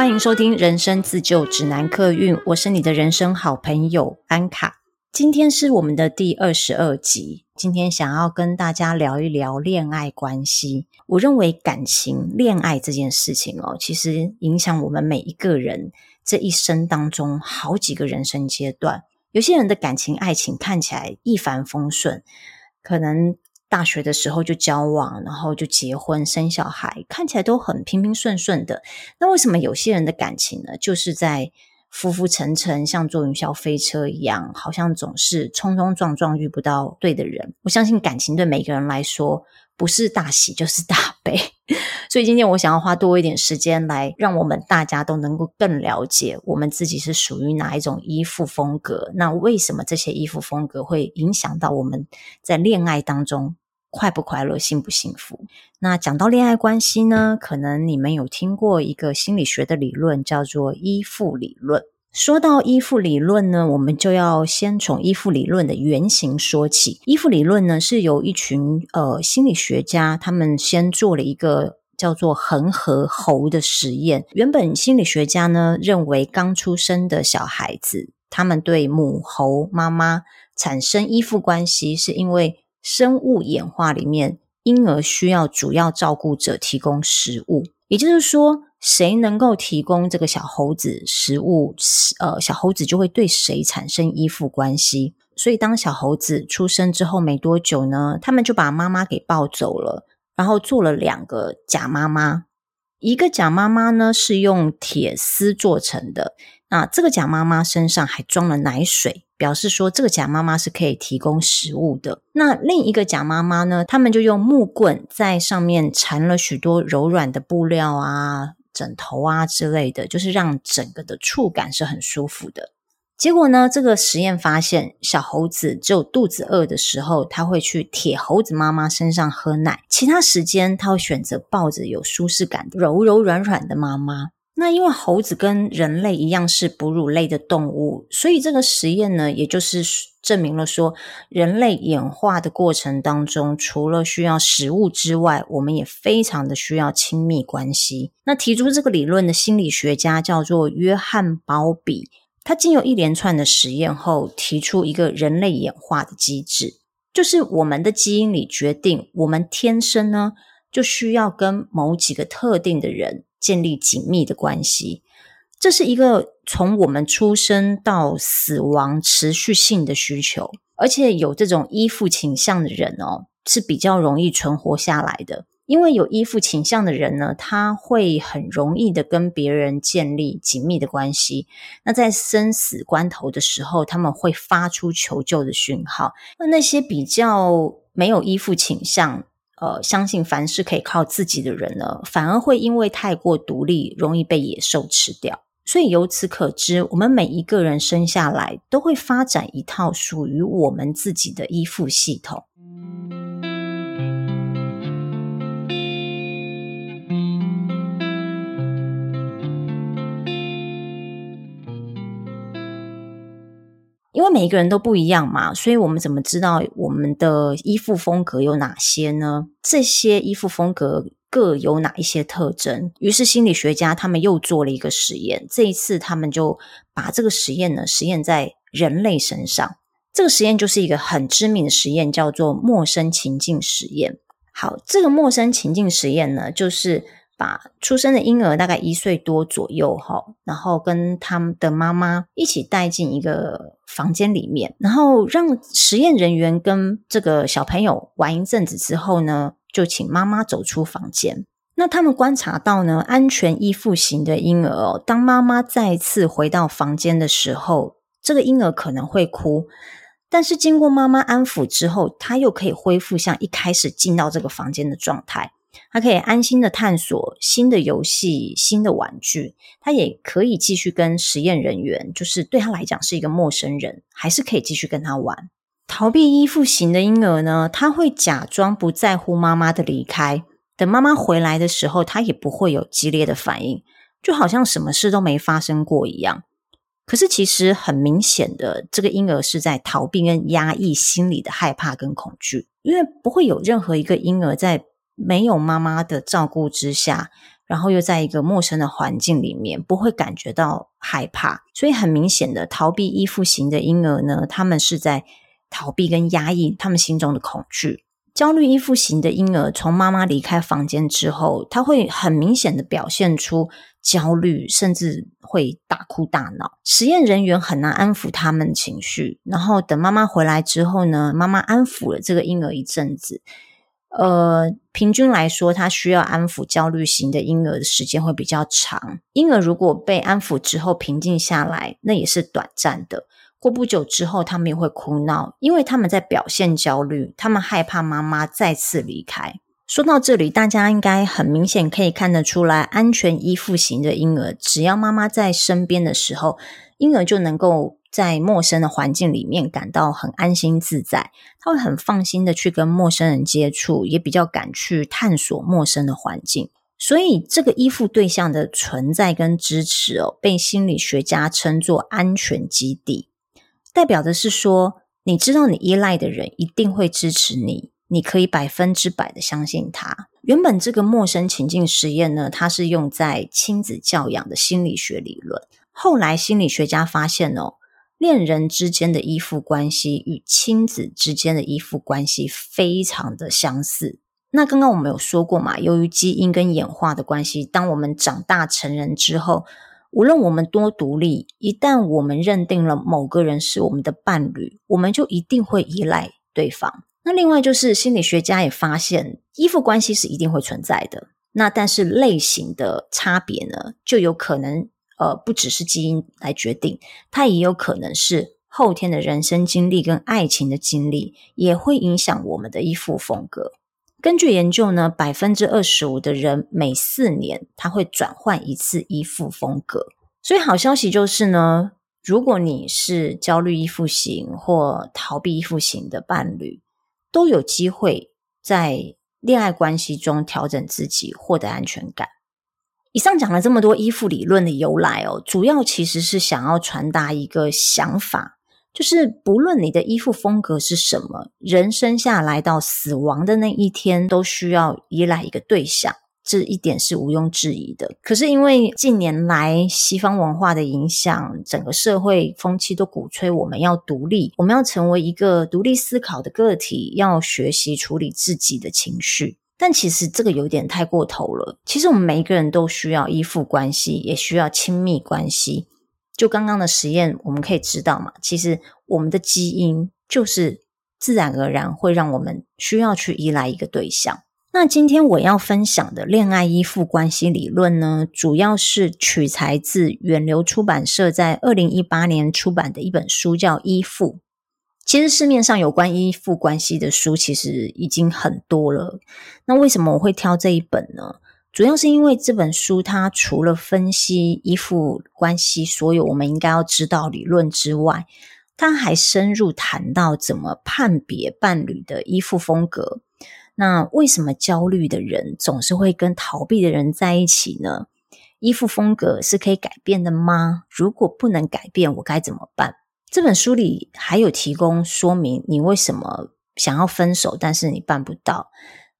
歡迎收聽《人生自救指南》客運，我是你的人生好朋友安卡。今天是我們的第二十二集，今天想要跟大家聊一聊戀愛關係。我認為感情、戀愛這件事情哦，其實影響我們每一個人這一生當中好幾個人生階段。有些人的感情、愛情看起來一帆風順，可能。大學的時候就交往，然後就結婚生小孩，看起來都很平平順順的。那為什麼有些人的感情呢，就是在浮浮沉沉，像坐雲霄飛車一樣，好像總是衝衝撞撞遇不到對的人？我相信感情對每個人來說，不是大喜就是大悲。 所以今天我想要花多一點時間來讓我們大家都能夠更了解我們自己是屬於哪一種依附風格。那為什麼這些依附風格會影響到我們在戀愛當中？快不快樂，幸不幸福？那講到戀愛關係呢，可能你們有聽過一個心理學的理論，叫做依附理論。說到依附理論呢，我們就要先從依附理論的原型說起。依附理論呢，是由一群呃心理學家，他們先做了一個叫做恆河猴的實驗。原本心理學家呢認為，剛出生的小孩子，他們對母猴媽媽產生依附關係，是因為生物演化裡面，嬰兒需要主要照顧者提供食物，也就是說，誰能夠提供這個小猴子食物，呃，小猴子就會對誰產生依附關係。所以，當小猴子出生之後沒多久呢，他們就把媽媽給抱走了，然後做了兩個假媽媽，一個假媽媽呢是用鐵絲做成的。那這個假媽媽身上還裝了奶水，表示說這個假媽媽是可以提供食物的。那另一個假媽媽呢？他們就用木棍在上面纏了許多柔軟的布料啊、枕頭啊之類的，就是讓整個的觸感是很舒服的。結果呢，這個實驗發現，小猴子只有肚子餓的時候，他會去鐵猴子媽媽身上喝奶；其他時間，他會選擇抱着有舒適感、柔柔軟軟的媽媽。那因為猴子跟人類一樣是哺乳類的動物，所以這個實驗呢，也就是證明了說，人類演化的過程當中，除了需要食物之外，我們也非常的需要親密關係。那提出這個理論的心理學家叫做約翰·鮑比，他經由一連串的實驗後，提出一個人類演化的機制，就是我們的基因裡決定，我們天生呢就需要跟某幾個特定的人，建立緊密的關係，這是一個從我們出生到死亡持續性的需求，而且有這種依附傾向的人哦，是比較容易存活下來的，因為有依附傾向的人呢，他會很容易的跟別人建立緊密的關係。那在生死關頭的時候，他們會發出求救的訊號。那那些比較沒有依附傾向，呃，相信凡事可以靠自己的人呢，反而會因為太過獨立，容易被野獸吃掉。所以由此可知，我們每一個人生下來都會發展一套屬於我們自己的依附系統。每一個人都不一樣嘛，所以我們怎麼知道我們的依附風格有哪些呢？這些依附風格各有哪一些特徵？於是心理學家他們又做了一個實驗，這一次他們就把這個實驗呢實驗在人類身上。這個實驗就是一個很知名的實驗，叫做陌生情境實驗。好，這個陌生情境實驗呢，就是。把出生的嬰兒大概一歲多左右哈，然後跟他們的媽媽一起帶進一個房間裡面，然後讓實驗人員跟這個小朋友玩一陣子之後呢，就請媽媽走出房間。那他們觀察到呢，安全依附型的嬰兒哦，當媽媽再次回到房間的時候，這個嬰兒可能會哭，但是經過媽媽安撫之後，他又可以恢復像一開始進到這個房間的狀態。他可以安心的探索新的遊戲、新的玩具，他也可以繼續跟實驗人員，就是對他來講是一個陌生人，還是可以繼續跟他玩。逃避依附型的嬰兒呢，他會假裝不在乎媽媽的離開，等媽媽回來的時候，他也不會有激烈的反應，就好像什麼事都沒發生過一樣。可是其實很明顯的，這個嬰兒是在逃避跟壓抑心裡的害怕跟恐懼，因為不會有任何一個嬰兒在。沒有媽媽的照顧之下，然後又在一個陌生的環境裡面，不會感覺到害怕，所以很明顯的逃避，依附型的嬰兒呢，他們是在逃避跟壓抑他們心中的恐懼。焦慮依附型的嬰兒從媽媽離開房間之後，他會很明顯的表現出焦慮，甚至會大哭大鬧。實驗人員很難安撫他們情緒，然後等媽媽回來之後呢，媽媽安撫了這個嬰兒一陣子。呃，平均來說，他需要安撫焦慮型的嬰兒的時間會比較長。嬰兒如果被安撫之後平靜下來，那也是短暫的。過不久之後，他們也會哭鬧，因為他們在表現焦慮，他們害怕媽媽再次離開。說到這裡，大家應該很明顯可以看得出來，安全依附型的嬰兒，只要媽媽在身邊的時候，嬰兒就能夠，在陌生的環境裡面感到很安心自在，他會很放心的去跟陌生人接觸，也比較敢去探索陌生的環境。所以，這個依附對象的存在跟支持哦，被心理學家稱作安全基地，代表的是說，你知道你依賴的人一定會支持你，你可以百分之百的相信他。原本這個陌生情境實驗呢，它是用在親子教養的心理學理論，後來心理學家發現哦。戀人之間的依附關係與親子之間的依附關係非常的相似。那剛剛我們有說過嘛，由於基因跟演化的關係，當我們長大成人之後，無論我們多獨立，一旦我們認定了某個人是我們的伴侶，我們就一定會依賴對方。那另外就是心理學家也發現，依附關係是一定會存在的。那但是類型的差別呢，就有可能。呃，不只是基因來決定，它也有可能是後天的人生經歷跟愛情的經歷，也會影響我們的依附風格。根據研究呢，百分之二十五的人每四年他會轉換一次依附風格。所以好消息就是呢，如果你是焦慮依附型或逃避依附型的伴侶，都有機會在戀愛關係中調整自己，獲得安全感。以上講了這麼多依附理論的由來哦，主要其實是想要傳達一個想法，就是不論你的依附風格是什麼，人生下來到死亡的那一天都需要依賴一個對象，這一點是毋庸置疑的。可是因為近年來西方文化的影響，整個社會風氣都鼓吹我們要獨立，我們要成為一個獨立思考的個體，要學習處理自己的情緒。但其實這個有點太過頭了。其實我們每一個人都需要依附關係，也需要親密關係。就剛剛的實驗，我們可以知道嘛，其實我們的基因就是自然而然會讓我們需要去依賴一個對象。那今天我要分享的戀愛依附關係理論呢，主要是取材自遠流出版社在二零一八年出版的一本書，叫《依附》。其實市面上有關依附關係的書其實已經很多了，那為什麼我會挑這一本呢？主要是因為這本書它除了分析依附關係所有我們應該要知道理論之外，它還深入談到怎麼判別伴侶的依附風格。那為什麼焦慮的人總是會跟逃避的人在一起呢？依附風格是可以改變的嗎？如果不能改變，我該怎麼辦？這本書裡還有提供說明，你為什麼想要分手，但是你辦不到。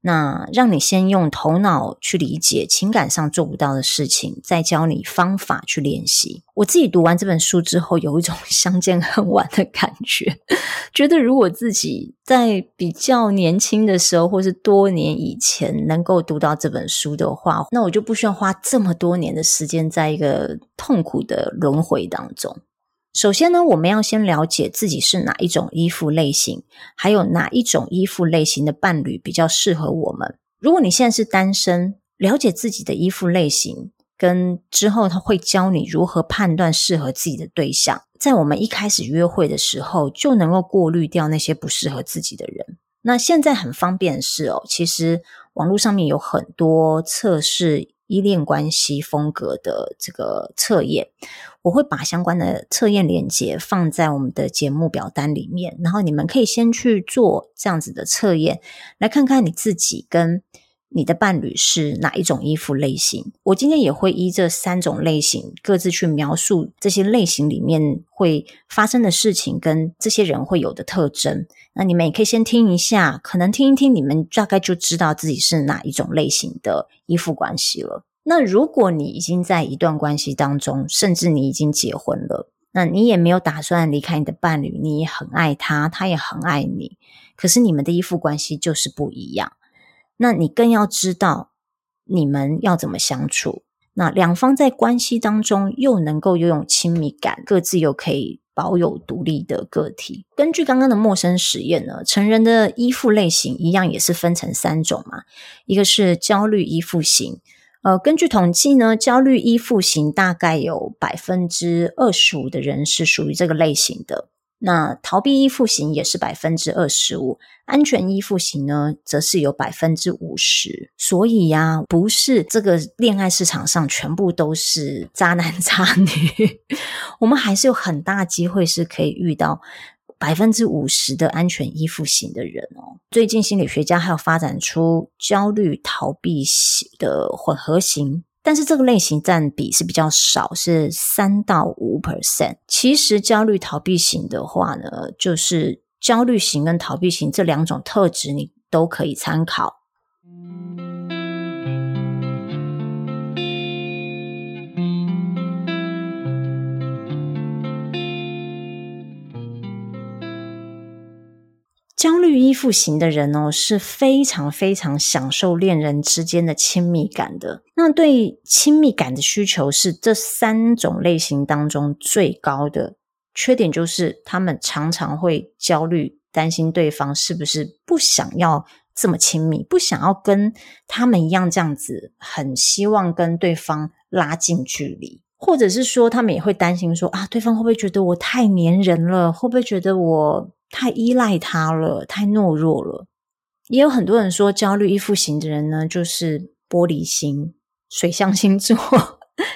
那讓你先用頭腦去理解情感上做不到的事情，再教你方法去練習。我自己讀完這本書之後，有一種相見恨晚的感覺， 覺得如果自己在比較年輕的時候，或是多年以前能夠讀到這本書的話，那我就不需要花這麼多年的時間，在一個痛苦的輪迴當中。首先呢，我們要先了解自己是哪一種依附類型，還有哪一種依附類型的伴侶比較適合我們。如果你現在是單身，了解自己的依附類型，跟之後他會教你如何判斷適合自己的對象，在我們一開始約會的時候，就能夠過濾掉那些不適合自己的人。那現在很方便的是哦，其實網絡上面有很多測試依戀關係風格的這個測驗，我會把相關的測驗鏈接放在我們的節目表單裡面，然後你們可以先去做這樣子的測驗，來看看你自己跟。你的伴侶是哪一種依附類型？我今天也會依這三種類型各自去描述這些類型裡面會發生的事情，跟這些人會有的特徵。那你們也可以先聽一下，可能聽一聽，你們大概就知道自己是哪一種類型的依附關係了。那如果你已經在一段關係當中，甚至你已經結婚了，那你也沒有打算離開你的伴侶，你也很愛他，他也很愛你，可是你們的依附關係就是不一樣。那你更要知道你們要怎麼相處，那兩方在關係當中又能夠擁有親密感，各自又可以保有獨立的個體。根據剛剛的陌生實驗呢，成人的依附類型一樣也是分成三種嘛，一個是焦慮依附型，呃，根據統計呢，焦慮依附型大概有百分之二十五的人是屬於這個類型的。那逃避依附型也是百分之二十五，安全依附型呢，則是有百分之五十。所以呀、啊，不是這個戀愛市場上全部都是渣男渣女，我們還是有很大機會是可以遇到百分之五十的安全依附型的人哦。最近心理學家還有發展出焦慮逃避型的混合型。但是這個類型佔比是比較少，是三到五 percent。其實焦慮逃避型的話呢，就是焦慮型跟逃避型這兩種特質，你都可以參考。焦慮依附型的人哦，是非常非常享受戀人之間的親密感的。那對親密感的需求是這三種類型當中最高的。缺點就是他們常常會焦慮，擔心對方是不是不想要這麼親密，不想要跟他們一樣這樣子，很希望跟對方拉近距離，或者是說他們也會擔心說啊，對方會不會覺得我太黏人了？會不會覺得我？太依賴他了，太懦弱了。也有很多人說，焦慮依附型的人呢，就是玻璃心、水象星座、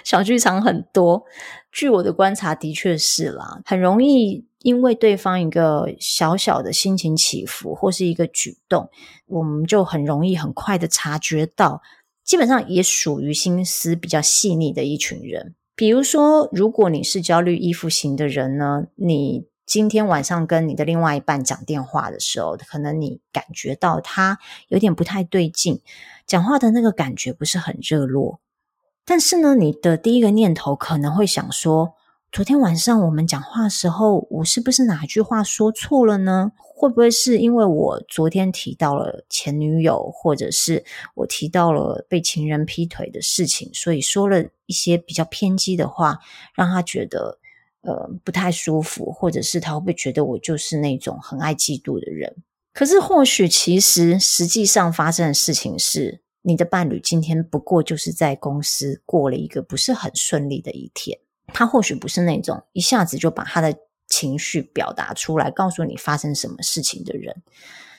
小劇場很多。據我的觀察，的確是啦，很容易因為對方一個小小的心情起伏或是一個舉動，我們就很容易很快的察覺到。基本上也屬於心思比較細膩的一群人。比如說，如果你是焦慮依附型的人呢，你。今天晚上跟你的另外一半講電話的時候，可能你感覺到他有點不太對勁，講話的那個感覺不是很熱絡。但是呢，你的第一個念頭可能會想說，昨天晚上我們講話的時候，我是不是哪句話說錯了呢？會不會是因為我昨天提到了前女友，或者是我提到了被情人劈腿的事情，所以說了一些比較偏激的話，讓他覺得，呃，不太舒服，或者是他會不會覺得我就是那種很愛嫉妒的人？可是或許其實實際上發生的事情是，你的伴侶今天不過就是在公司過了一個不是很順利的一天。他或許不是那種一下子就把他的情緒表達出來，告訴你發生什麼事情的人。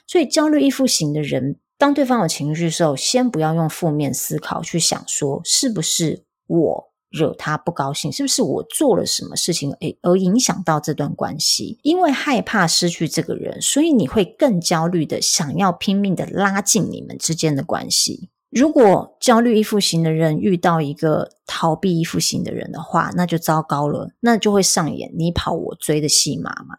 所以焦慮依附型的人，當對方有情緒的時候，先不要用負面思考去想說，說是不是我。惹他不高興，是不是我做了什麼事情？哎，而影響到這段關係，因為害怕失去這個人，所以你會更焦慮的，想要拼命的拉近你們之間的關係。如果焦慮依附型的人遇到一個逃避依附型的人的話，那就糟糕了，那就會上演你跑我追的戲碼嘛。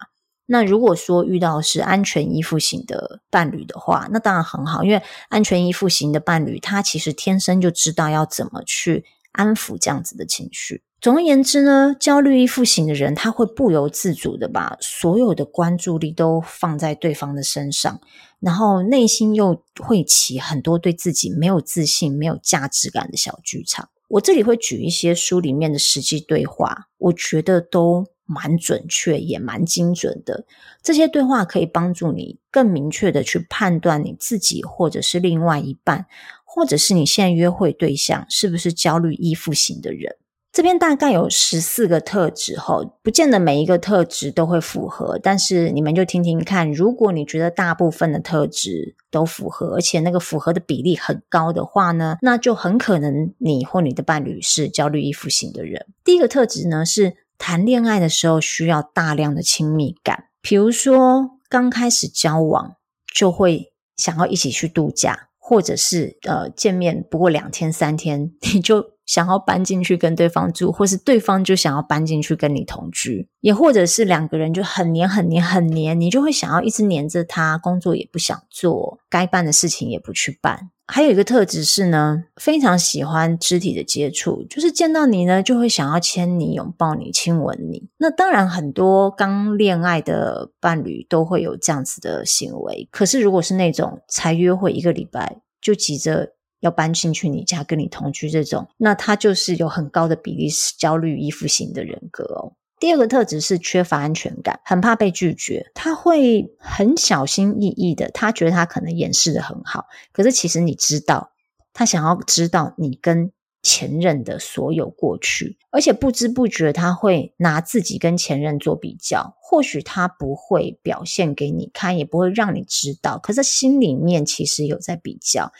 那如果說遇到是安全依附型的伴侶的話，那當然很好，因為安全依附型的伴侶他其實天生就知道要怎麼去。安撫這樣子的情緒。總而言之呢，焦慮依附型的人，他會不由自主的把所有的關注力都放在對方的身上，然後內心又會起很多對自己沒有自信、沒有價值感的小劇場。我這裡會舉一些書裡面的實際對話，我覺得都。蠻準確，也蠻精準的。這些對話可以幫助你更明確的去判斷你自己，或者是另外一半，或者是你現在約會對象是不是焦慮依附型的人。這邊大概有十四個特質，吼，不見得每一個特質都會符合，但是你們就聽聽看。如果你覺得大部分的特質都符合，而且那個符合的比例很高的話呢，那就很可能你或你的伴侶是焦慮依附型的人。第一個特質呢是。談戀愛的時候需要大量的親密感，比如說剛開始交往就會想要一起去度假，或者是呃見面不過兩天三天你就想要搬進去跟對方住，或是對方就想要搬進去跟你同居，也或者是兩個人就很黏很黏很黏，你就會想要一直黏着他，工作也不想做，該辦的事情也不去辦。還有一個特質是呢，非常喜歡肢體的接觸，就是見到你呢，就會想要牽你、擁抱你、親吻你。那當然，很多剛戀愛的伴侶都會有這樣子的行為。可是，如果是那種才約會一個禮拜就急着要搬進去你家跟你同居這種，那他就是有很高的比例是焦慮依附型的人格哦。第二個特質是缺乏安全感，很怕被拒絕，他會很小心翼翼的。他覺得他可能掩飾得很好，可是其實你知道，他想要知道你跟前任的所有過去，而且不知不覺他會拿自己跟前任做比較。或許他不會表現給你看，也不會讓你知道，可是心裡面其實有在比較。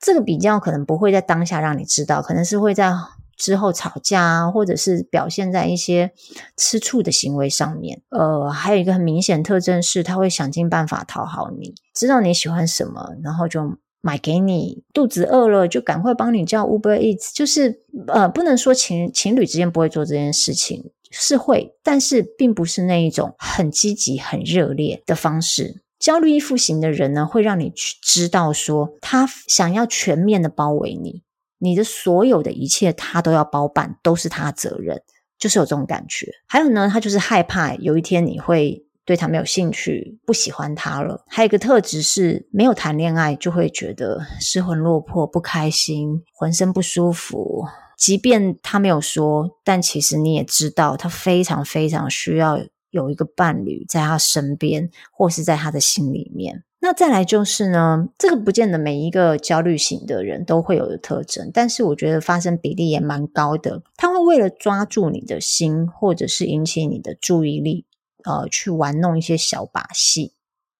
這個比較可能不會在當下讓你知道，可能是會在。之後吵架，啊，或者是表現在一些吃醋的行為上面。呃，還有一個很明顯的特徵是，他會想盡辦法討好你，知道你喜歡什麼，然後就買給你。肚子餓了就趕快幫你叫 Uber Eats，就是呃，不能說情情侶之間不會做這件事情，是會，但是並不是那一種很積極、很熱烈的方式。焦慮依附型的人呢，會讓你去知道說，他想要全面的包圍你。你的所有的一切，他都要包辦，都是他的責任，就是有這種感覺。還有呢，他就是害怕有一天你會對他沒有興趣，不喜歡他了。還有一個特質是，沒有談戀愛就會覺得失魂落魄、不開心、渾身不舒服。即便他沒有說，但其實你也知道，他非常非常需要有一個伴侶在他身邊，或是在他的心裡面。那再來就是呢，這個不見得每一個焦慮型的人都會有的特徵，但是我覺得發生比例也蠻高的。他會為了抓住你的心，或者是引起你的注意力，呃，去玩弄一些小把戲。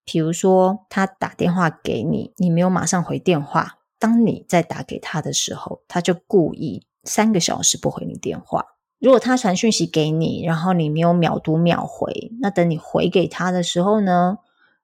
比如說，他打電話給你，你沒有馬上回電話，當你再打給他的時候，他就故意三個小時不回你電話。如果他傳訊息給你，然後你沒有秒讀秒回，那等你回給他的時候呢？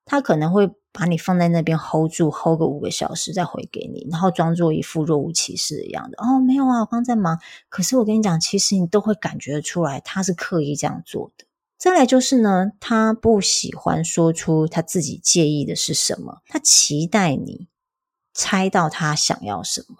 他可能會把你放在那邊 hold 住，hold 個五個小時再回給你，然後裝作一副若無其事的樣子。哦，沒有啊，我剛在忙。可是我跟你講，其實你都會感覺得出來，他是刻意這樣做的。再來就是呢，他不喜歡說出他自己介意的是什麼，他期待你猜到他想要什麼。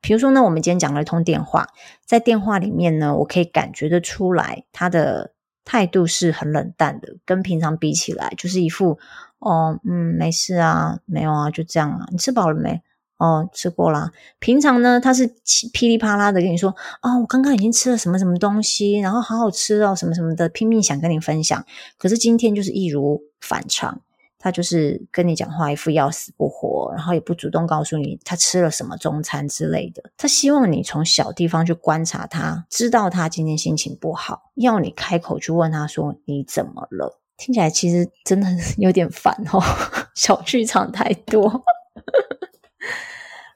比如說呢，我們今天講了一通電話，在電話裡面呢，我可以感覺得出來他的態度是很冷淡的，跟平常比起來，就是一副。哦，嗯，沒事啊，沒有啊，就這樣啊。你吃飽了沒？哦，吃過啦。平常呢，他是噼里啪啦的跟你說，哦，我剛剛已經吃了什麼什麼東西，然後好好吃哦，什麼什麼的，拼命想跟你分享。可是今天就是一如反常，他就是跟你講話一副要死不活，然後也不主動告訴你他吃了什麼中餐之類的。他希望你從小地方去觀察他，知道他今天心情不好，要你開口去問他說你怎麼了。聽起來其實真的有點煩哦，小劇場太多。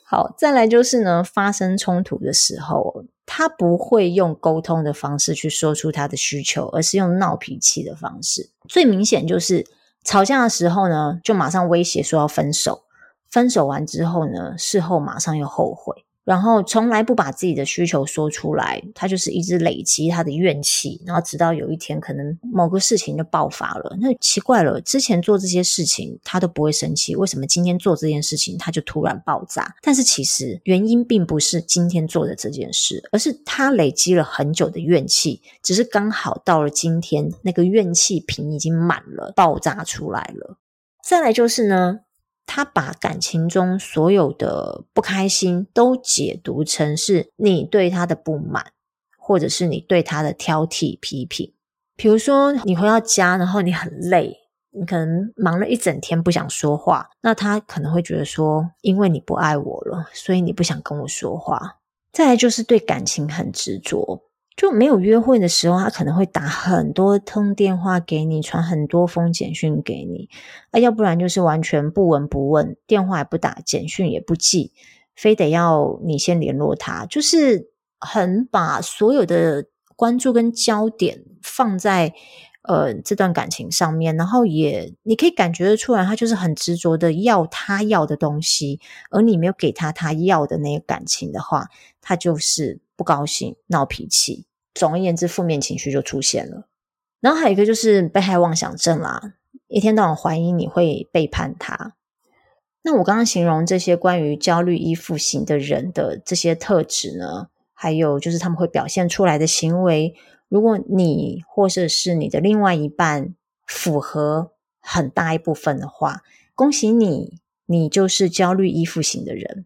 好，再來就是呢，發生衝突的時候，他不會用溝通的方式去說出他的需求，而是用鬧脾氣的方式。最明顯就是吵架的時候呢，就馬上威脅說要分手，分手完之後呢，事後馬上又後悔。然後從來不把自己的需求說出來，他就是一直累積他的怨氣，然後直到有一天可能某個事情就爆發了。那奇怪了，之前做這些事情他都不會生氣，為什麼今天做這件事情他就突然爆炸？但是其實原因並不是今天做的這件事，而是他累積了很久的怨氣，只是剛好到了今天那個怨氣瓶已經滿了，爆炸出來了。再來就是呢，他把感情中所有的不開心都解讀成是你對他的不滿，或者是你對他的挑剔、批評。比如說，你回到家，然後你很累，你可能忙了一整天不想說話，那他可能會覺得說，因為你不愛我了，所以你不想跟我說話。再來就是對感情很執着。就沒有約會的時候，他可能會打很多通電話給你，傳很多封簡訊給你，要不然就是完全不聞不問，電話也不打，簡訊也不寄，非得要你先聯絡他，就是很把所有的關注跟焦點放在。呃，這段感情上面，然後也你可以感覺得出來，他就是很執着的要他要的東西，而你沒有給他他要的那個感情的話，他就是不高興、鬧脾氣。總而言之，負面情緒就出現了。然後還有一個就是被害妄想症啦，一天到晚懷疑你會背叛他。那我剛剛形容這些關於焦慮依附型的人的這些特質呢，還有就是他們會表現出來的行為。如果你或者是你的另外一半符合很大一部分的話，恭喜你，你就是焦慮依附型的人。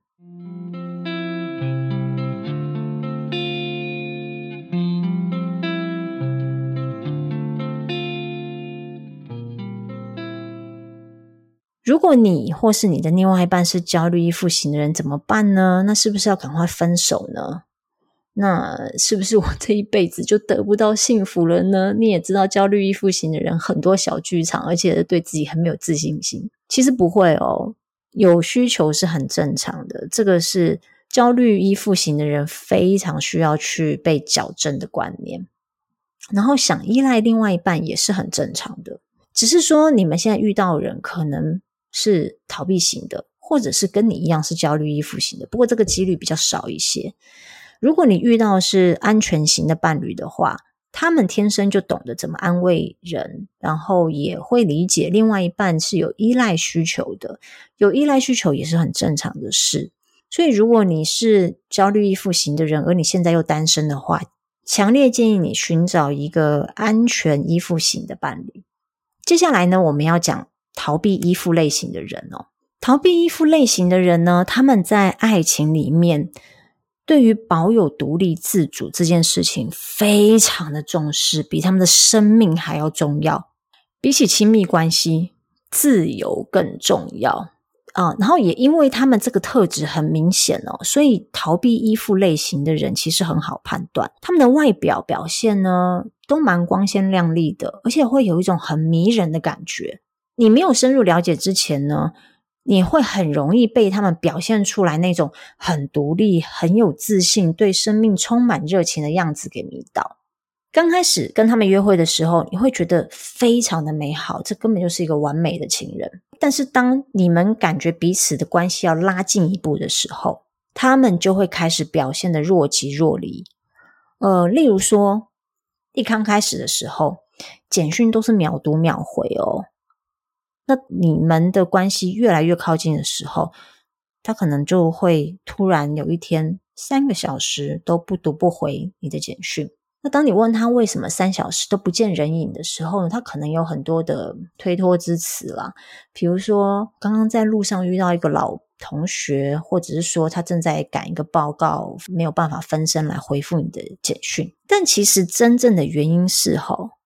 如果你或是你的另外一半是焦慮依附型的人，怎麼辦呢？那是不是要趕快分手呢？那是不是我這一輩子就得不到幸福了呢？你也知道，焦慮依附型的人很多小劇場，而且對自己很沒有自信心。其實不會哦，有需求是很正常的。這個是焦慮依附型的人非常需要去被矯正的觀念。然後想依賴另外一半也是很正常的，只是說你們現在遇到人可能是逃避型的，或者是跟你一樣是焦慮依附型的，不過這個幾率比較少一些。如果你遇到是安全型的伴侶的話，他們天生就懂得怎麼安慰人，然後也會理解另外一半是有依賴需求的。有依賴需求也是很正常的事。所以，如果你是焦慮依附型的人，而你現在又單身的話，強烈建議你尋找一個安全依附型的伴侶。接下來呢，我們要講逃避依附類型的人哦。逃避依附類型的人呢，他們在愛情裡面，對於保有獨立自主這件事情非常的重視，比他們的生命還要重要。比起親密關係，自由更重要啊！然後也因為他們這個特質很明顯哦，所以逃避依附類型的人其實很好判斷。他們的外表表現呢，都蠻光鮮亮麗的，而且會有一種很迷人的感覺。你沒有深入了解之前呢，你會很容易被他們表現出來那種很獨立、很有自信、對生命充滿熱情的樣子給迷倒。剛開始跟他們約會的時候，你會覺得非常的美好，這根本就是一個完美的情人。但是當你們感覺彼此的關係要拉近一步的時候，他們就會開始表現得若即若離。呃，例如說，一剛開始的時候，簡訊都是秒讀秒回哦。那你們的關係越來越靠近的時候，他可能就會突然有一天三個小時都不讀不回你的簡訊。那當你問他為什麼三小時都不見人影的時候呢，他可能有很多的推脫之詞啦，比如說剛剛在路上遇到一個老同學，或者是說他正在趕一個報告，沒有辦法分身來回復你的簡訊。但其實真正的原因是吼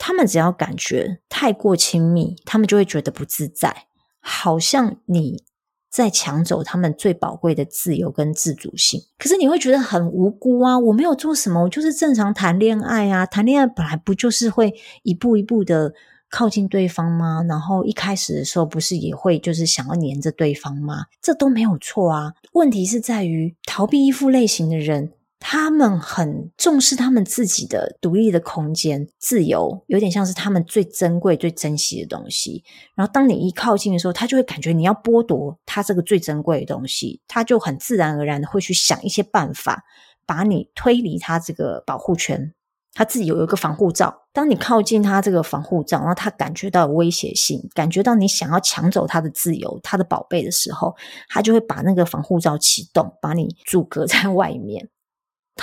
他們只要感覺太過親密，他們就會覺得不自在，好像你在搶走他們最寶貴的自由跟自主性。可是你會覺得很無辜啊，我沒有做什麼，我就是正常談戀愛啊。談戀愛本來不就是會一步一步的靠近對方嗎？然後一開始的時候不是也會就是想要黏着對方嗎？這都沒有錯啊。問題是在於逃避依附類型的人。他們很重視他們自己的獨立的空間、自由，有點像是他們最珍貴、最珍惜的東西。然後，當你一靠近的時候，他就會感覺你要剝奪他這個最珍貴的東西，他就很自然而然的會去想一些辦法，把你推離他這個保護圈。他自己有一個防護罩，當你靠近他這個防護罩，然後他感覺到威脅性，感覺到你想要搶走他的自由、他的寶貝的時候，他就會把那個防護罩啟動，把你阻隔在外面。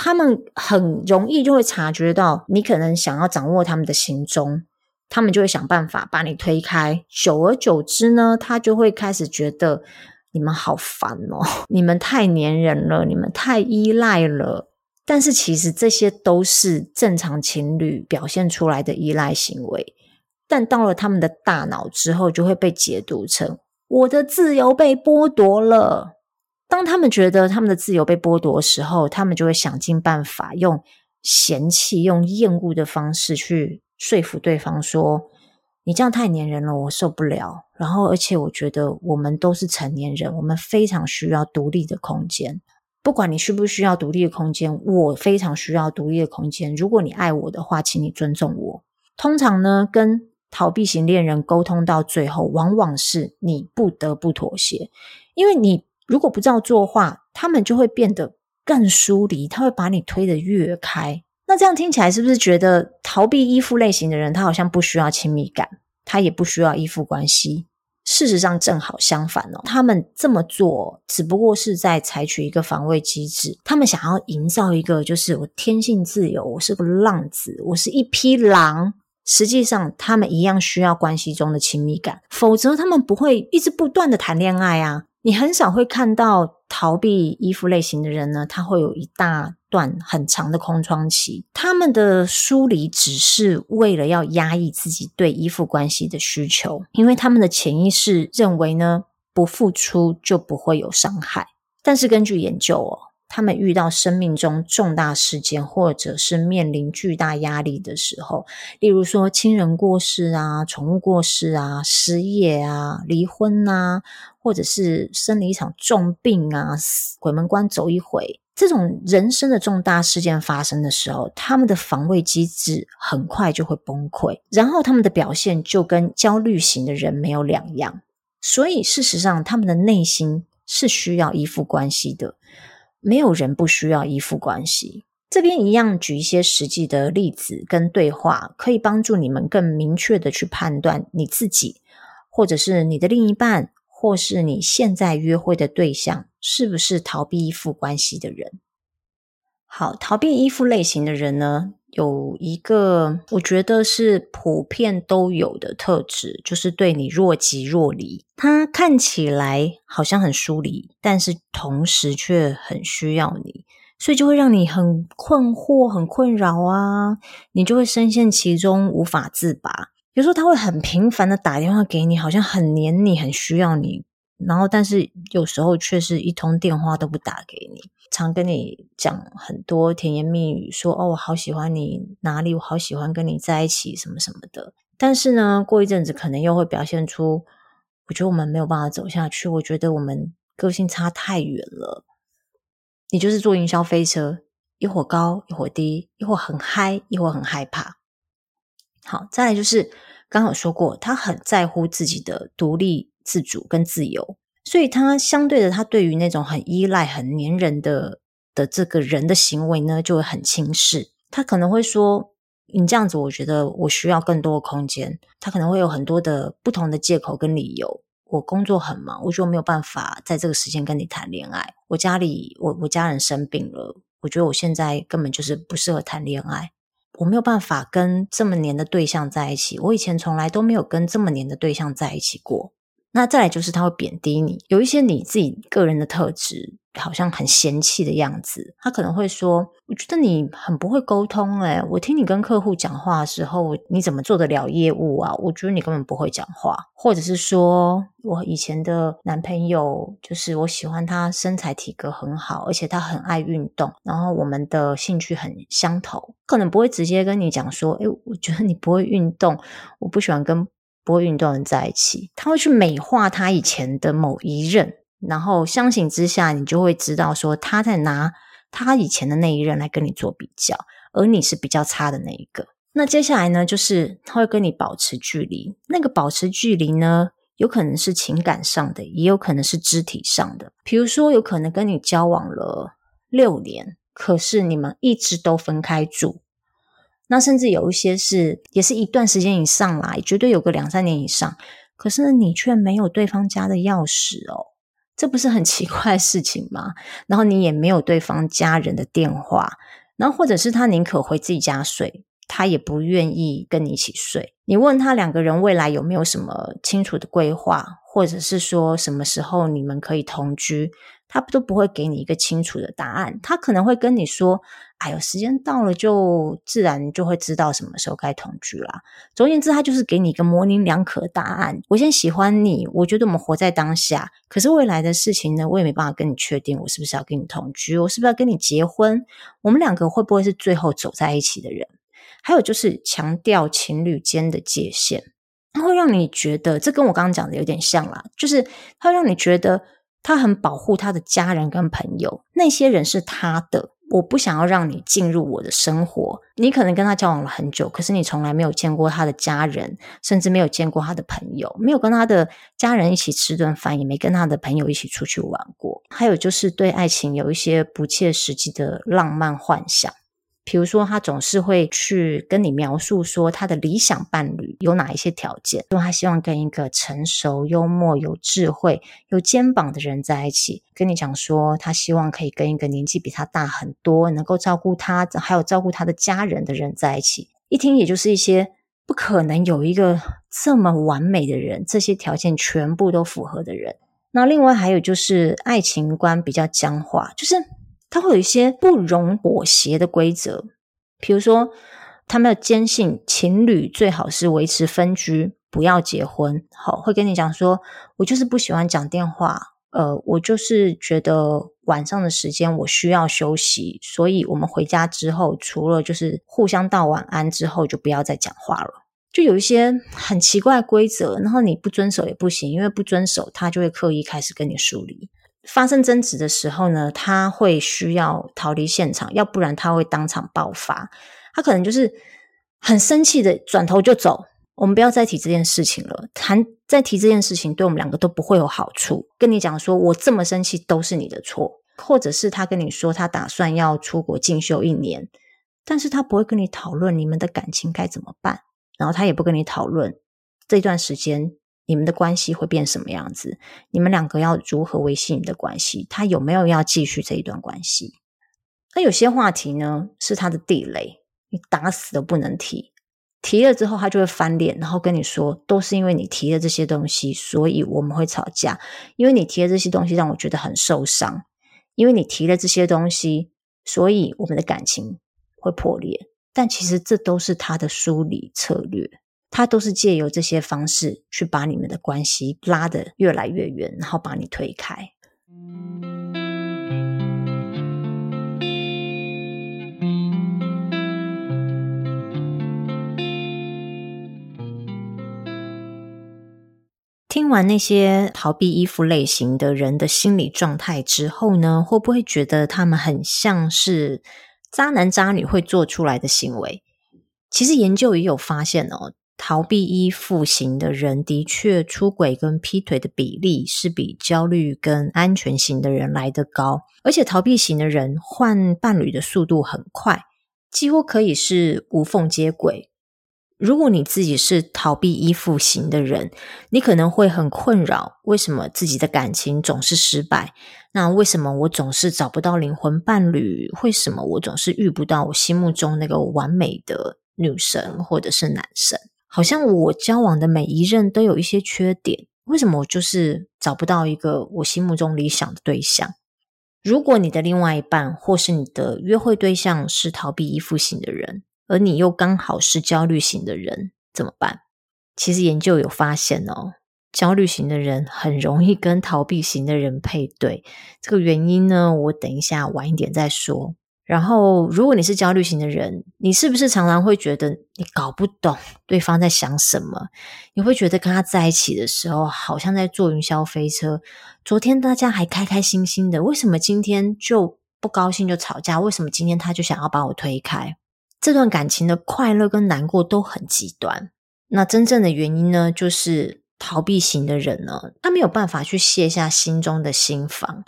他們很容易就會察覺到你可能想要掌握他們的行蹤，他們就會想辦法把你推開。久而久之呢，他就會開始覺得你們好煩哦，你們太黏人了，你們太依賴了。但是其實這些都是正常情侶表現出來的依賴行為，但到了他們的大腦之後，就會被解讀成我的自由被剝奪了。當他們覺得他們的自由被剝奪的時候，他們就會想盡辦法用嫌棄、用厭惡的方式去說服對方說：“你這樣太黏人了，我受不了。”然後，而且我覺得我們都是成年人，我們非常需要獨立的空間。不管你需不需要獨立的空間，我非常需要獨立的空間。如果你愛我的話，請你尊重我。通常呢，跟逃避型戀人溝通到最後，往往是你不得不妥協，因為你。如果不照做的話，他們就會變得更疏離，他會把你推得越開。那這樣聽起來是不是覺得逃避依附類型的人，他好像不需要親密感，他也不需要依附關係？事實上，正好相反哦。他們這麼做只不過是在採取一個防衛機制，他們想要營造一個就是我天性自由，我是個浪子，我是一匹狼。實際上，他們一樣需要關係中的親密感，否則他們不會一直不斷地談戀愛啊。你很少會看到逃避依附類型的人呢，他會有一大段很長的空窗期。他們的疏離只是為了要壓抑自己對依附關係的需求，因為他們的潛意識認為呢，不付出就不會有傷害。但是根據研究哦，他們遇到生命中重大事件或者是面臨巨大壓力的時候，例如說親人過世啊、寵物過世啊、失業啊、離婚吶啊。或者是生了一場重病啊死，鬼門關走一回，這種人生的重大事件發生的時候，他們的防衛機制很快就會崩潰，然後他們的表現就跟焦慮型的人沒有兩樣。所以事實上，他們的內心是需要依附關係的，沒有人不需要依附關係。這邊一樣舉一些實際的例子跟對話，可以幫助你們更明確的去判斷你自己，或者是你的另一半。或是你現在約會的對象是不是逃避依附關係的人？好，逃避依附類型的人呢，有一個我覺得是普遍都有的特質，就是對你若即若離。他看起來好像很疏離，但是同時卻很需要你，所以就會讓你很困惑、很困擾啊，你就會深陷其中無法自拔。比如說，他會很頻繁的打電話給你，好像很黏你，很需要你。然後，但是有時候卻是一通電話都不打給你，常跟你講很多甜言蜜語，說哦，我好喜歡你哪裡，我好喜歡跟你在一起，什麼什麼的。但是呢，過一陣子可能又會表現出，我覺得我們沒有辦法走下去。我覺得我們個性差太遠了。你就是坐雲霄飛車，一會兒高，一會兒低，一會兒很嗨，一會兒很害怕。好，再來就是剛好說過，他很在乎自己的獨立、自主跟自由，所以他相對的，他對於那種很依賴、很黏人的的這個人的行為呢，就會很輕視。他可能會說：“你這樣子，我覺得我需要更多的空間。”他可能會有很多的不同的借口跟理由。我工作很忙，我就沒有辦法在這個時間跟你談戀愛。我家裡，我我家人生病了，我覺得我現在根本就是不適合談戀愛。我沒有辦法跟這麼黏的對象在一起，我以前從來都沒有跟這麼黏的對象在一起過。那再來就是他會貶低你，有一些你自己個人的特質。好像很嫌棄的樣子，他可能會說：“我覺得你很不會溝通、欸，誒，我聽你跟客戶講話的時候，你怎麼做得了業務啊？我覺得你根本不會講話。”或者是說：“我以前的男朋友，就是我喜歡他身材體格很好，而且他很愛運動，然後我們的興趣很相投。”可能不會直接跟你講說：“誒、欸，我覺得你不會運動，我不喜歡跟不會運動的人在一起。”他會去美化他以前的某一任。然後，相形之下，你就會知道說他在拿他以前的那一任來跟你做比較，而你是比較差的那一個。那接下來呢，就是他會跟你保持距離。那個保持距離呢，有可能是情感上的，也有可能是肢體上的。譬如說，有可能跟你交往了六年，可是你們一直都分開住。那甚至有一些是也是一段時間以上來，絕對有個兩三年以上，可是呢，你卻沒有對方家的鑰匙哦。這不是很奇怪的事情嗎？然後你也沒有對方家人的電話，然後或者是他寧可回自己家睡，他也不願意跟你一起睡。你問他兩個人未來有沒有什麼清楚的規劃，或者是說什麼時候你們可以同居？他都不會給你一個清楚的答案，他可能會跟你說：“哎呦，時間到了就自然就會知道什麼時候該同居了。”總而言之，他就是給你一個模棱兩可的答案。我現在喜歡你，我覺得我們活在當下，可是未來的事情呢，我也沒辦法跟你確定，我是不是要跟你同居，我是不是要跟你結婚，我們兩個會不會是最後走在一起的人？還有就是強調情侶間的界限，它會讓你覺得這跟我剛剛講的有點像啦，就是它會讓你覺得。他很保護他的家人跟朋友，那些人是他的。我不想要讓你進入我的生活。你可能跟他交往了很久，可是你從來沒有見過他的家人，甚至沒有見過他的朋友，沒有跟他的家人一起吃頓飯，也沒跟他的朋友一起出去玩過。還有就是對愛情有一些不切實際的浪漫幻想。比如說，他總是會去跟你描述說他的理想伴侶有哪一些條件，因為他希望跟一個成熟、幽默、有智慧、有肩膀的人在一起。跟你講說，他希望可以跟一個年紀比他大很多、能夠照顧他，還有照顧他的家人的人在一起。一聽，也就是一些不可能有一個這麼完美的人，這些條件全部都符合的人。那另外還有就是愛情觀比較僵化，就是。他會有一些不容妥協的規則，比如說，他們要堅信情侶最好是維持分居，不要結婚。好，會跟你講說，我就是不喜歡講電話，呃，我就是覺得晚上的時間我需要休息，所以我們回家之後，除了就是互相道晚安之後，就不要再講話了。就有一些很奇怪的規則，然後你不遵守也不行，因為不遵守，他就會刻意開始跟你疏離。發生爭執的時候呢，他會需要逃離現場，要不然他會當場爆發。他可能就是很生氣的轉頭就走。我們不要再提這件事情了，談再提這件事情對我們兩個都不會有好處。跟你講說我這麼生氣都是你的錯，或者是他跟你說他打算要出國進修一年，但是他不會跟你討論你們的感情該怎麼辦，然後他也不跟你討論這段時間。你們的關係會變什麼樣子？你們兩個要如何維繫你的關係？他有沒有要繼續這一段關係？那有些話題呢，是他的地雷，你打死都不能提。提了之後，他就會翻臉，然後跟你說：“都是因為你提了這些東西，所以我們會吵架。因為你提了這些東西，讓我覺得很受傷。因為你提了這些東西，所以我們的感情會破裂。”但其實這都是他的疏離策略。他都是借由這些方式去把你們的關係拉得越來越遠，然後把你推開。聽完那些逃避依附類型的人的心理狀態之後呢，會不會覺得他們很像是渣男渣女會做出來的行為？其實研究也有發現哦。逃避依附型的人的確出軌跟劈腿的比例是比焦慮跟安全型的人來得高，而且逃避型的人換伴侶的速度很快，幾乎可以是無縫接軌。如果你自己是逃避依附型的人，你可能會很困擾：為什麼自己的感情總是失敗？那為什麼我總是找不到靈魂伴侶？為什麼我總是遇不到我心目中那個完美的女神或者是男神？好像我交往的每一任都有一些缺點，為什麼我就是找不到一個我心目中理想的對象？如果你的另外一半或是你的約會對象是逃避依附型的人，而你又剛好是焦慮型的人，怎麼辦？其實研究有發現哦，焦慮型的人很容易跟逃避型的人配對，這個原因呢，我等一下晚一點再說。然後，如果你是焦慮型的人，你是不是常常會覺得你搞不懂對方在想什麼？你會覺得跟他在一起的時候，好像在坐雲霄飛車。昨天大家還開開心心的，為什麼今天就不高興就吵架？為什麼今天他就想要把我推開？這段感情的快樂跟難過都很極端。那真正的原因呢，就是逃避型的人呢，他沒有辦法去卸下心中的心防。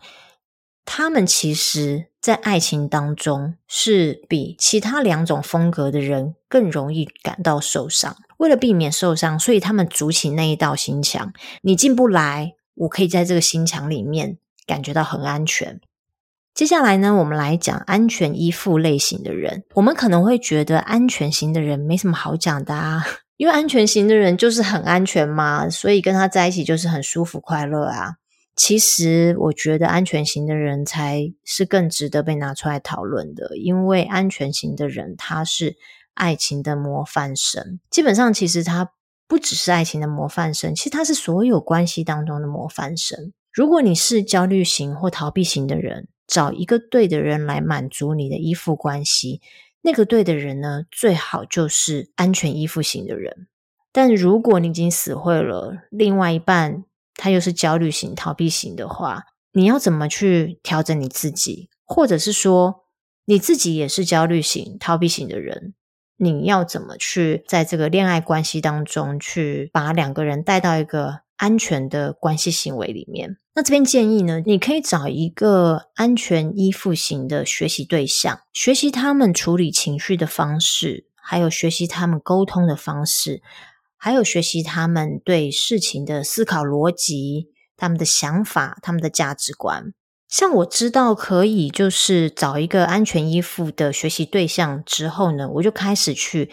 他們其實，在愛情當中是比其他兩種風格的人更容易感到受傷。為了避免受傷，所以他們築起那一道心牆，你進不來，我可以在這個心牆裡面感覺到很安全。接下來呢，我們來講安全依附類型的人。我們可能會覺得安全型的人沒什麼好講的，啊，因為安全型的人就是很安全嘛，所以跟他在一起就是很舒服快樂啊。其實，我覺得安全型的人才是更值得被拿出來討論的，因為安全型的人他是愛情的模範生。基本上，其實他不只是愛情的模範生，其實他是所有關係當中的模範生。如果你是焦慮型或逃避型的人，找一個對的人來滿足你的依附關係，那個對的人呢，最好就是安全依附型的人。但如果你已經死會了，另外一半，他又是焦慮型、逃避型的話，你要怎麼去調整你自己？或者是說，你自己也是焦慮型、逃避型的人，你要怎麼去在這個戀愛關係當中，去把兩個人帶到一個安全的關係行為裡面？那這邊建議呢，你可以找一個安全依附型的學習對象，學習他們處理情緒的方式，還有學習他們溝通的方式。還有學習他們對事情的思考邏輯、他們的想法、他們的價值觀。像我知道可以就是找一個安全依附的學習對象之後呢，我就開始去，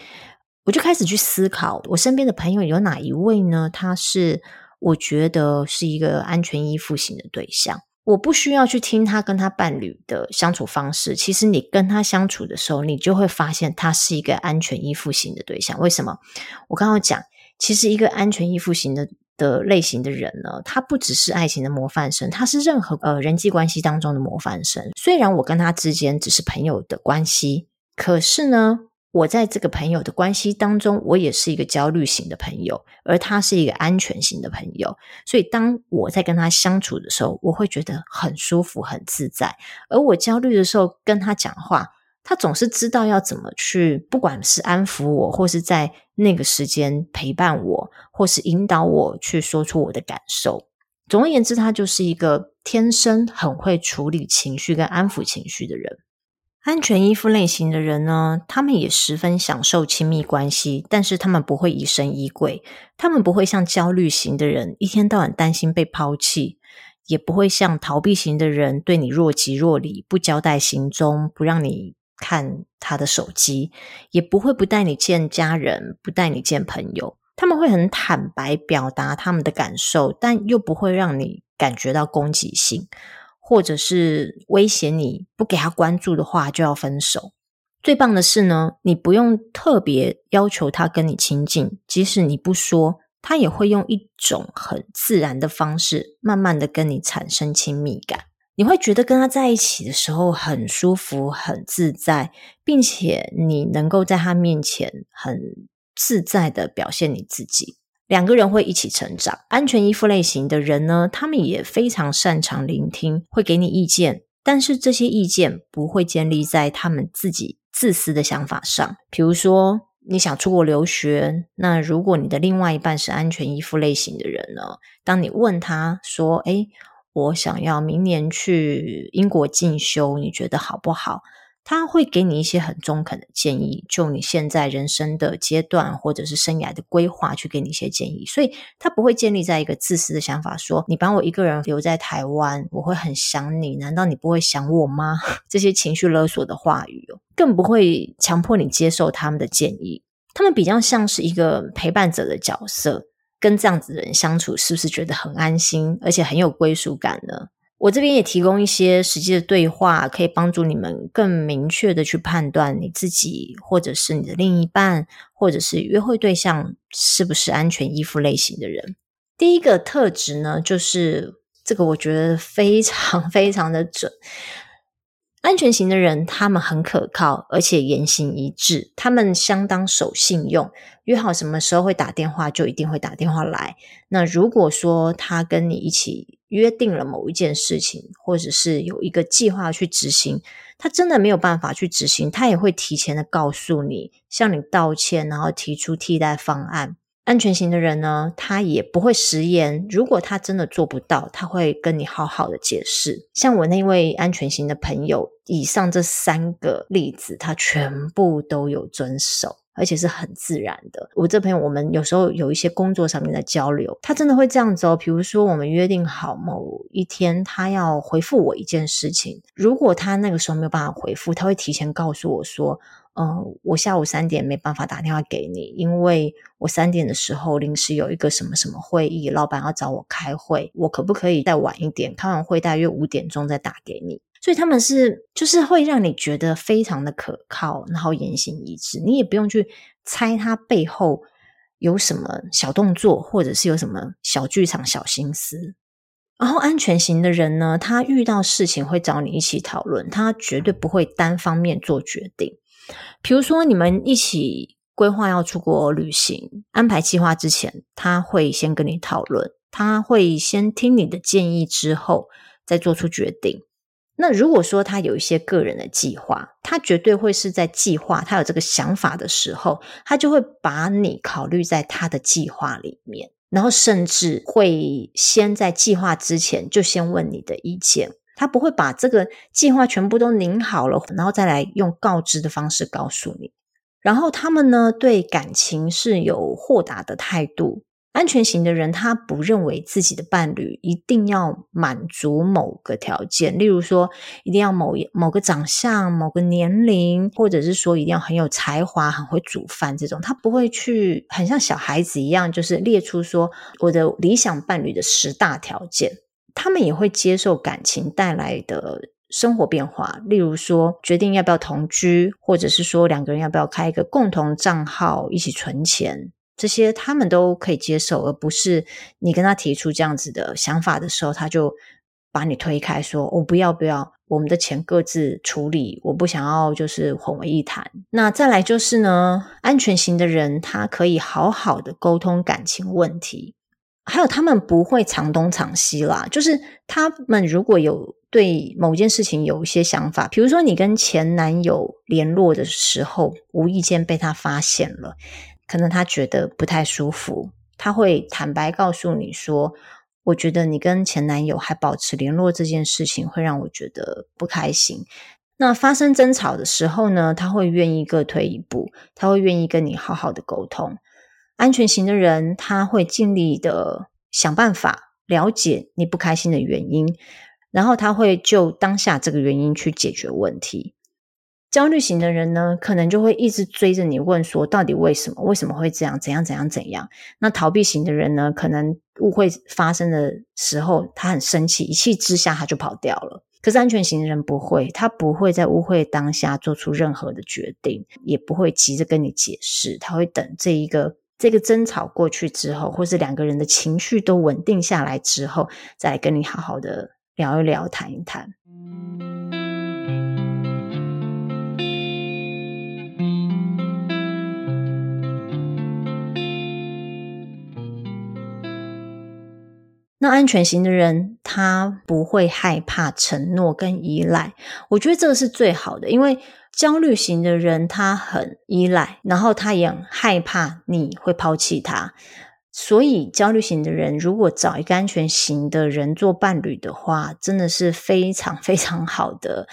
我就開始去思考我身邊的朋友有哪一位呢？他是我覺得是一個安全依附型的對象。我不需要去聽他跟他伴侶的相處方式。其實你跟他相處的時候，你就會發現他是一個安全依附型的對象。為什麼？我剛剛講。其實，一個安全依附型的的類型的人呢，他不只是愛情的模範生，他是任何呃人際關係當中的模範生。雖然我跟他之間只是朋友的關係，可是呢，我在這個朋友的關係當中，我也是一個焦慮型的朋友，而他是一個安全型的朋友。所以，當我在跟他相處的時候，我會覺得很舒服、很自在。而我焦慮的時候，跟他講話。他總是知道要怎麼去，不管是安撫我，或是在那個時間陪伴我，或是引導我去說出我的感受。總而言之，他就是一個天生很會處理情緒跟安撫情緒的人。安全依附類型的人呢，他們也十分享受親密關係，但是他們不會疑神疑鬼，他們不會像焦慮型的人一天到晚擔心被拋棄，也不會像逃避型的人對你若即若離，不交代行蹤，不讓你，看他的手機，也不會不帶你見家人，不帶你見朋友。他們會很坦白表達他們的感受，但又不會讓你感覺到攻擊性，或者是威脅你，不給他關注的話，就要分手。最棒的是呢，你不用特別要求他跟你親近，即使你不說，他也會用一種很自然的方式，慢慢的跟你產生親密感。你會覺得跟他在一起的時候很舒服、很自在，並且你能夠在他面前很自在地表現你自己。兩個人會一起成長。安全依附類型的人呢，他們也非常擅長聆聽，會給你意見，但是這些意見不會建立在他們自己自私的想法上。比如說，你想出國留學，那如果你的另外一半是安全依附類型的人呢，當你問他說：“誒……我想要明年去英國進修，你覺得好不好？他會給你一些很中肯的建議，就你現在人生的階段或者是生涯的規劃，去給你一些建議。所以他不會建立在一個自私的想法說，說你把我一個人留在台灣，我會很想你。難道你不會想我嗎？這些情緒勒索的話語哦，更不會強迫你接受他們的建議。他們比較像是一個陪伴者的角色。跟這樣子的人相處，是不是覺得很安心，而且很有歸屬感呢？我這邊也提供一些實際的對話，可以幫助你們更明確的去判斷你自己，或者是你的另一半，或者是約會對象是不是安全依附類型的人。第一個特質呢，就是，這個我覺得非常非常的準。安全型的人，他們很可靠，而且言行一致，他們相當守信用。約好什麼時候會打電話，就一定會打電話來。那如果說他跟你一起約定了某一件事情，或者是有一個計劃去執行，他真的沒有辦法去執行，他也會提前的告訴你，向你道歉，然後提出替代方案。安全型的人呢，他也不會食言。如果他真的做不到，他會跟你好好的解釋。像我那位安全型的朋友。以上這三個例子，他全部都有遵守，而且是很自然的。我這朋友，我們有時候有一些工作上面的交流，他真的會這樣子哦。比如說，我們約定好某一天他要回復我一件事情，如果他那個時候沒有辦法回復，他會提前告訴我說：“嗯，我下午三點沒辦法打電話給你，因為我三點的時候臨時有一個什麼什麼會議，老板要找我開會。我可不可以再晚一點？開完會大約五點鐘再打給你。”所以他們是就是會讓你覺得非常的可靠，然後言行一致，你也不用去猜他背後有什麼小動作，或者是有什麼小劇場、小心思。然後安全型的人呢，他遇到事情會找你一起討論，他絕對不會單方面做決定。比如說你們一起規劃要出國旅行，安排計劃之前，他會先跟你討論，他會先聽你的建議之後，再做出決定。那如果說他有一些個人的計劃，他絕對會是在計劃，他有這個想法的時候，他就會把你考慮在他的計劃裡面，然後甚至會先在計劃之前就先問你的意見，他不會把這個計劃全部都擬好了，然後再來用告知的方式告訴你。然後他們呢，對感情是有豁達的態度。安全型的人，他不認為自己的伴侶一定要滿足某個條件，例如說一定要某某個長相、某個年齡，或者是說一定要很有才華、很會煮飯這種。他不會去很像小孩子一樣，就是列出說我的理想伴侶的十大條件。他們也會接受感情帶來的生活變化，例如說決定要不要同居，或者是說兩個人要不要開一個共同賬號一起存錢。這些他們都可以接受，而不是你跟他提出這樣子的想法的時候，他就把你推開，說：“我、哦、不要，不要，我們的錢各自處理，我不想要就是混為一談。”那再來就是呢，安全型的人，他可以好好的溝通感情問題，還有他們不會藏東藏西啦。就是他們如果有對某件事情有一些想法，比如說你跟前男友聯絡的時候，無意間被他發現了。可能他覺得不太舒服，他會坦白告訴你說：“我覺得你跟前男友還保持聯絡這件事情，會讓我覺得不開心。”那發生爭吵的時候呢，他會願意各退一步，他會願意跟你好好的溝通。安全型的人，他會盡力的想辦法了解你不開心的原因，然後他會就當下這個原因去解決問題。焦慮型的人呢，可能就會一直追着你問說，到底為什麼？為什麼會這樣？怎樣怎樣怎樣？那逃避型的人呢，可能誤會發生的時候，他很生氣，一氣之下他就跑掉了。可是安全型的人不會，他不會在誤會當下做出任何的決定，也不會急着跟你解釋，他會等這一個這個爭吵過去之後，或是兩個人的情緒都穩定下來之後，再跟你好好的聊一聊，談一談。那安全型的人，他不會害怕承諾跟依賴，我覺得這個是最好的。因為焦慮型的人，他很依賴，然後他也很害怕你會拋棄他，所以焦慮型的人如果找一個安全型的人做伴侶的話，真的是非常非常好的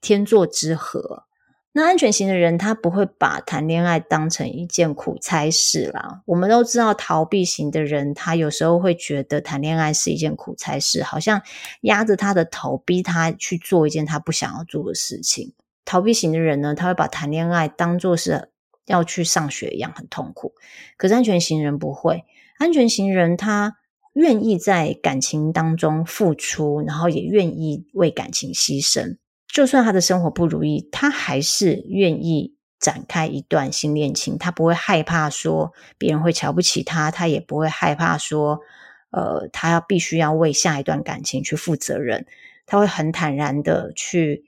天作之合。那安全型的人，他不會把談戀愛當成一件苦差事啦。我們都知道，逃避型的人，他有時候會覺得談戀愛是一件苦差事，好像壓着他的頭，逼他去做一件他不想要做的事情。逃避型的人呢，他會把談戀愛當做是要去上學一樣，很痛苦。可是安全型人不會，安全型人他願意在感情當中付出，然後也願意為感情犧牲。就算他的生活不如意，他還是願意展開一段新戀情。他不會害怕說別人會瞧不起他，他也不會害怕說，呃，他要必須要為下一段感情去負責任。他會很坦然的去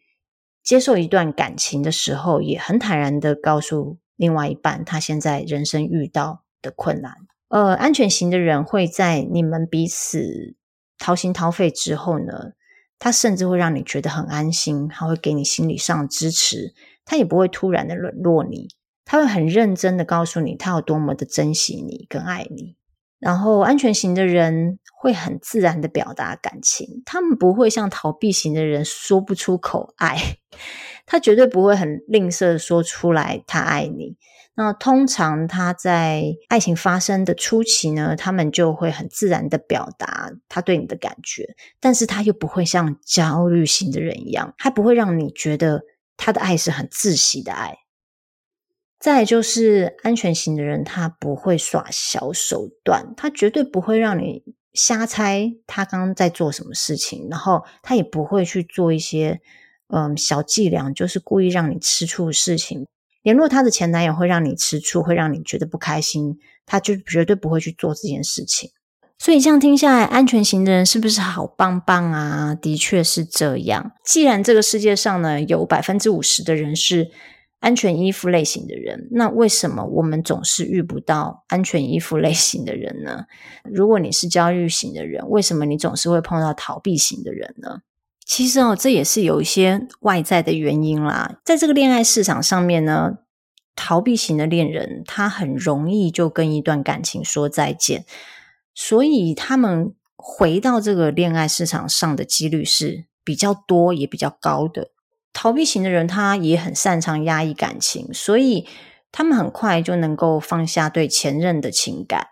接受一段感情的時候，也很坦然的告訴另外一半他現在人生遇到的困難。呃，安全型的人會在你們彼此掏心掏肺之後呢，他甚至會讓你覺得很安心，他會給你心理上的支持，他也不會突然的冷落你，他會很認真的告訴你他有多麼的珍惜你跟愛你。然後，安全型的人會很自然的表達感情，他們不會像逃避型的人說不出口愛，他絕對不會很吝嗇說出來他愛你。那通常他在愛情發生的初期呢，他們就會很自然的表達他對你的感覺，但是他又不會像焦慮型的人一樣，他不會讓你覺得他的愛是很窒息的愛。再來就是安全型的人，他不會耍小手段，他絕對不會讓你瞎猜他剛剛在做什麼事情，然後他也不會去做一些嗯小伎倆，就是故意讓你吃醋的事情。聯絡他的前男友會讓你吃醋，會讓你覺得不開心，他就絕對不會去做這件事情。所以這樣聽下來，安全型的人是不是好棒棒啊？的確是這樣。既然這個世界上呢，有百分之五十的人是。安全依附類型的人，那為什麼我們總是遇不到安全依附類型的人呢？如果你是焦慮型的人，為什麼你總是會碰到逃避型的人呢？其實哦，這也是有一些外在的原因啦。在這個戀愛市場上面呢，逃避型的戀人他很容易就跟一段感情說再見，所以他們回到這個戀愛市場上的幾率是比較多也比較高的。逃避型的人，他也很擅長壓抑感情，所以他們很快就能夠放下對前任的情感。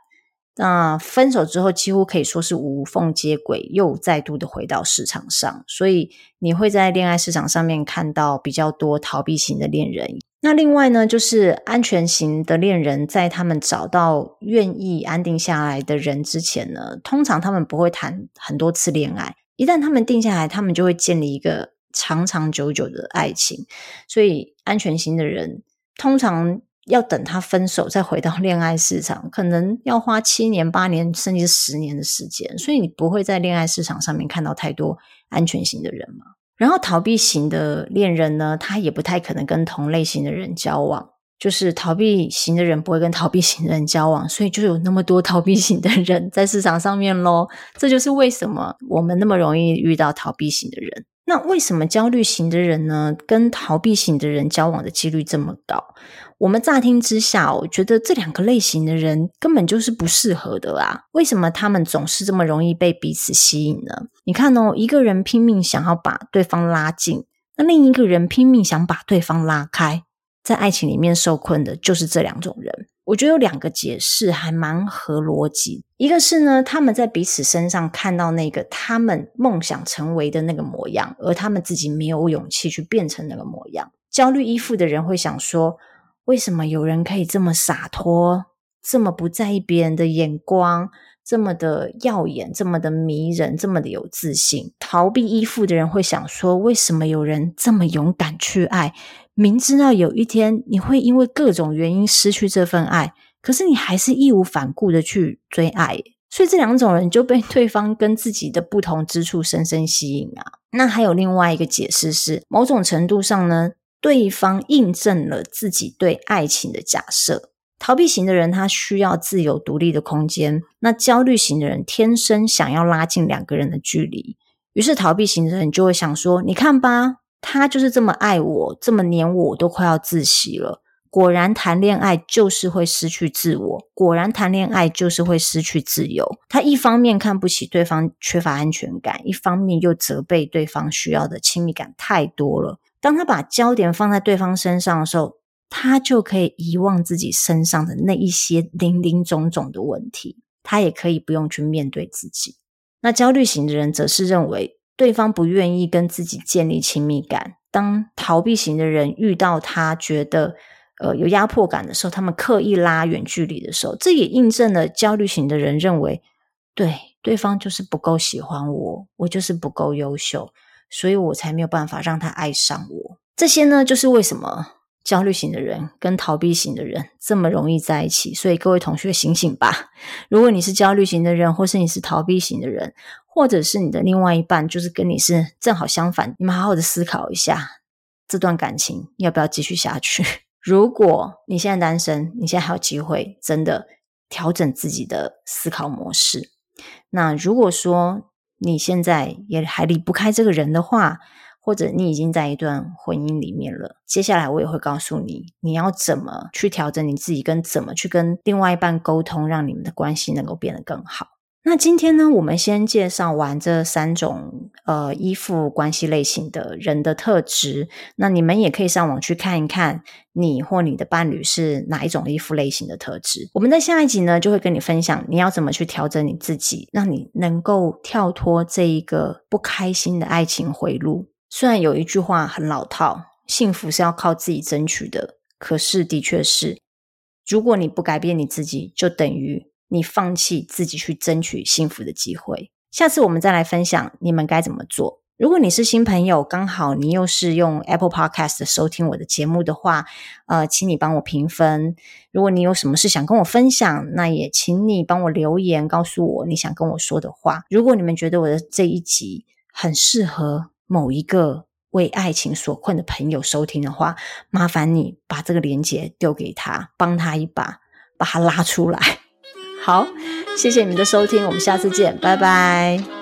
那分手之後，幾乎可以說是無縫接軌，又再度的回到市場上。所以你會在戀愛市場上面看到比較多逃避型的戀人。那另外呢，就是安全型的戀人，在他們找到願意安定下來的人之前呢，通常他們不會談很多次戀愛。一旦他們定下來，他們就會建立一個長長久久的愛情，所以安全型的人通常要等他分手再回到戀愛市場，可能要花七年、八年，甚至是十年的時間。所以你不會在戀愛市場上面看到太多安全型的人嘛。然後逃避型的戀人呢，他也不太可能跟同類型的人交往。就是逃避型的人不會跟逃避型的人交往，所以就有那麼多逃避型的人在市場上面咯。這就是為什麼我們那麼容易遇到逃避型的人。那為什麼焦慮型的人呢，跟逃避型的人交往的幾率這麼高？我們乍聽之下，我覺得這兩個類型的人根本就是不適合的啊！為什麼他們總是這麼容易被彼此吸引呢？你看哦，一個人拼命想要把對方拉近，那另一個人拼命想把對方拉開，在愛情裡面受困的就是這兩種人。我覺得有兩個解釋還蠻合邏輯。一個是呢，他們在彼此身上看到那個他們夢想成為的那個模樣，而他們自己沒有勇氣去變成那個模樣。焦慮依附的人會想說，為什麼有人可以這麼灑脫，這麼不在意別人的眼光，這麼的耀眼，這麼的迷人，這麼的有自信？逃避依附的人會想說，為什麼有人這麼勇敢去愛？明知道有一天你會因為各種原因失去這份愛，可是你還是義無反顧的去追愛，所以這兩種人就被對方跟自己的不同之處深深吸引啊。那還有另外一個解釋是，某種程度上呢，對方印證了自己對愛情的假設。逃避型的人他需要自由獨立的空間，那焦慮型的人天生想要拉近兩個人的距離，於是逃避型的人就會想說：“你看吧。”他就是這麼愛我，這麼黏我，我都快要窒息了。果然談戀愛就是會失去自我，果然談戀愛就是會失去自由。他一方面看不起對方缺乏安全感，一方面又責備對方需要的親密感太多了。當他把焦點放在對方身上的時候，他就可以遺忘自己身上的那一些林林總總的問題，他也可以不用去面對自己。那焦慮型的人則是認為。對方不願意跟自己建立親密感，當逃避型的人遇到他覺得，呃，有壓迫感的時候，他們刻意拉遠距離的時候，這也印證了焦慮型的人認為，對，對方就是不夠喜歡我，我就是不夠優秀，所以我才沒有辦法讓他愛上我。這些呢，就是為什麼。焦慮型的人跟逃避型的人這麼容易在一起，所以各位同學醒醒吧！如果你是焦慮型的人，或是你是逃避型的人，或者是你的另外一半就是跟你是正好相反，你們好好的思考一下，這段感情要不要繼續下去？如果你現在單身，你現在還有機會，真的調整自己的思考模式。那如果說你現在也還離不開這個人的話，或者你已經在一段婚姻裡面了，接下來我也會告訴你你要怎麼去調整你自己，跟怎麼去跟另外一半溝通，讓你們的關係能夠變得更好。那今天呢，我們先介紹完這三種呃依附關係類型的人的特質，那你們也可以上網去看一看你或你的伴侶是哪一種依附類型的特質。我們在下一集呢，就會跟你分享你要怎麼去調整你自己，讓你能夠跳脫這一個不開心的愛情回路。雖然有一句話很老套，幸福是要靠自己爭取的。可是，的確是，如果你不改變你自己，就等於你放棄自己去爭取幸福的機會。下次我們再來分享，你們該怎麼做？如果你是新朋友，剛好你又是用 Apple Podcast 收聽我的節目的話，呃，請你幫我評分。如果你有什麼事想跟我分享，那也請你幫我留言，告訴我你想跟我說的話。如果你們覺得我的這一集很適合，某一個為愛情所困的朋友收聽的話，麻煩你把這個連結丟給他，幫他一把，把他拉出來。好，謝謝你們的收聽，我們下次見，拜拜。